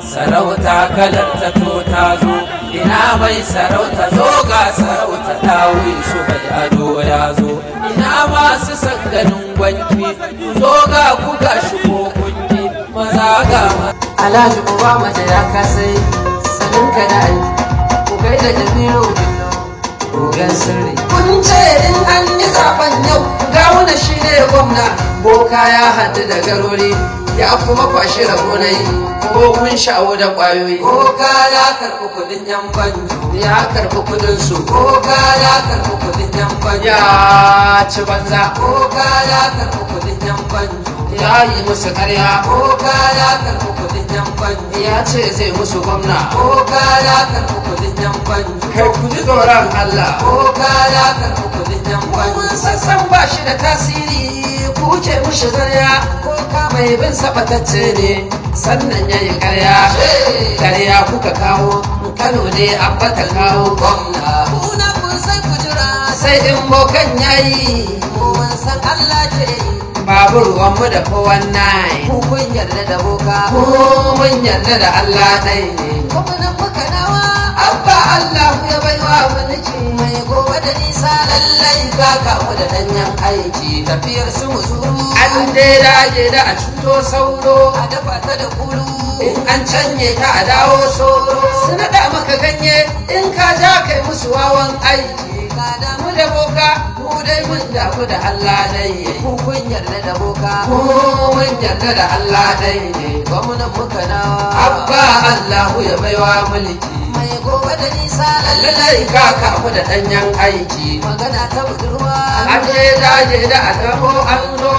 sarauta kalar ta to ta zo ina mai sarauta zo ga sarauta dawi su bai ado ya zo ina masu san gwanki zo ga ku ga shigo kunki maza ga alhaji ba mace ya kasai sanin ka da ai ku kai da jamilu Ogan sirri. Kun ce in an yi zaben yau wani shi ne gwamna boka ya hadu da garori ya kuma kwashe rabo kuna yi ko kun shawo da kwayoyi ko ka ya karɓi kuɗin yan banjo ya karɓi kuɗin su ko ka ya karɓi kuɗin yan banjo ya ci banza ko ka ya karɓi kuɗin yan banjo ya yi musu karya ko ka ya karɓi kuɗin yan banjo ya ce zai musu gwamna ko ka ya karɓi kuɗin yan banjo kai ku ji tsoron Allah ko ka ya karɓi kuɗin yan banjo mun sassan ba shi da tasiri ku ce mushi zarya ko shakka mai bin sabatacce ne sannan ya yi karya karya kuka kawo kano ne an bata kawo gwamna kuna kun san sai in bokan yi. mun san Allah ce babu mu da kowan nai mu yarda da boka kukun mun yarda da Allah ɗai ne kuma kuka muka nawa abba Allah ya baiwa wani nake mai gobe da nisa lallai ka kamu da danyen aiki tafiyar su mu zuru in dai dage da a cuto sauro a dafa ta da kulu in an canye ta a dawo soro su naɗa maka ganye in ka ja kai musu wawan aiki ka damu da boka mu dai mun damu da Allah dai ne mu mun yarda da boka Ko mun yarda da Allah dai ne ba mu nan muka nawa abba Allahu ya baiwa mulki mai gobe da nisa lallai ka kamu da danyen aiki magana ta budurwa an je daje da a taho an zo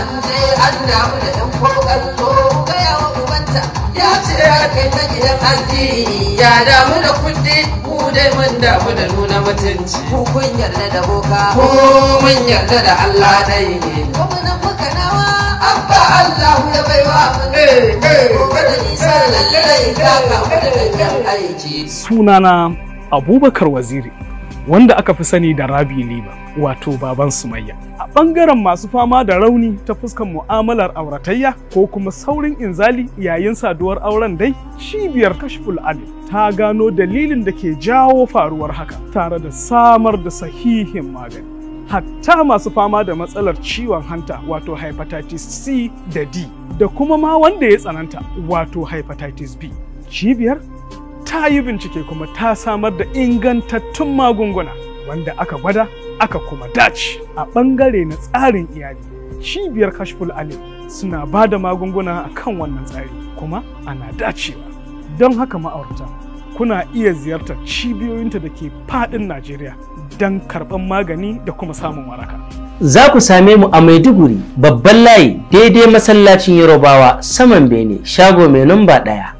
an je an damu da ɗan kokan to gaya wa ubanta ya ce ya kai ta gidan addini ya damu da kuɗi mu dai mun damu da nuna mutunci ku kun yarda da boka ko mun yarda da Allah dai ne gwamnan muka nawa abba Allah ya baiwa eh, eh, eh, da da lallai sunana abubakar waziri wanda aka fi sani da Rabi Liba wato baban Sumayya. A ɓangaren masu fama da rauni ta fuskan mu'amalar auratayya ko kuma saurin inzali yayin saduwar auren dai cibiyar kashful adil ta gano dalilin da ke jawo faruwar haka tare da samar da sahihin magani. Hatta masu fama da matsalar ciwon hanta wato hepatitis C da D da kuma ma wanda ya tsananta wato hepatitis B. Cibiyar ta yi bincike kuma ta samar da ingantattun magunguna wanda aka gwada aka kuma dace a ɓangare na tsarin iyali cibiyar kashful ali suna ba da magunguna a kan wannan tsari kuma ana dacewa don haka ma'aurata kuna iya ziyartar cibiyoyinta da ke faɗin najeriya don karɓar magani da kuma samun waraka za ku same mu a maiduguri babban layi daidai masallacin yarobawa saman bene shago mai lamba ɗaya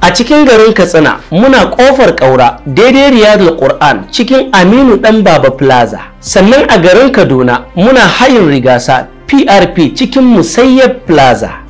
a cikin garin katsina muna kofar ƙaura daidai riyadul qur'an cikin aminu dan baba plaza sannan a garin kaduna muna hayin rigasa prp cikin musayyab plaza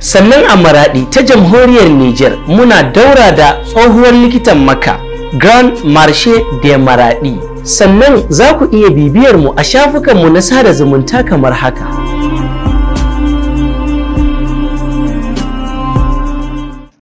sannan a maraɗi ta jamhuriyar niger muna daura da tsohuwar likitan maka grand marche de maraɗi sannan za ku iya bibiyar mu a shafukanmu na sada zumunta kamar haka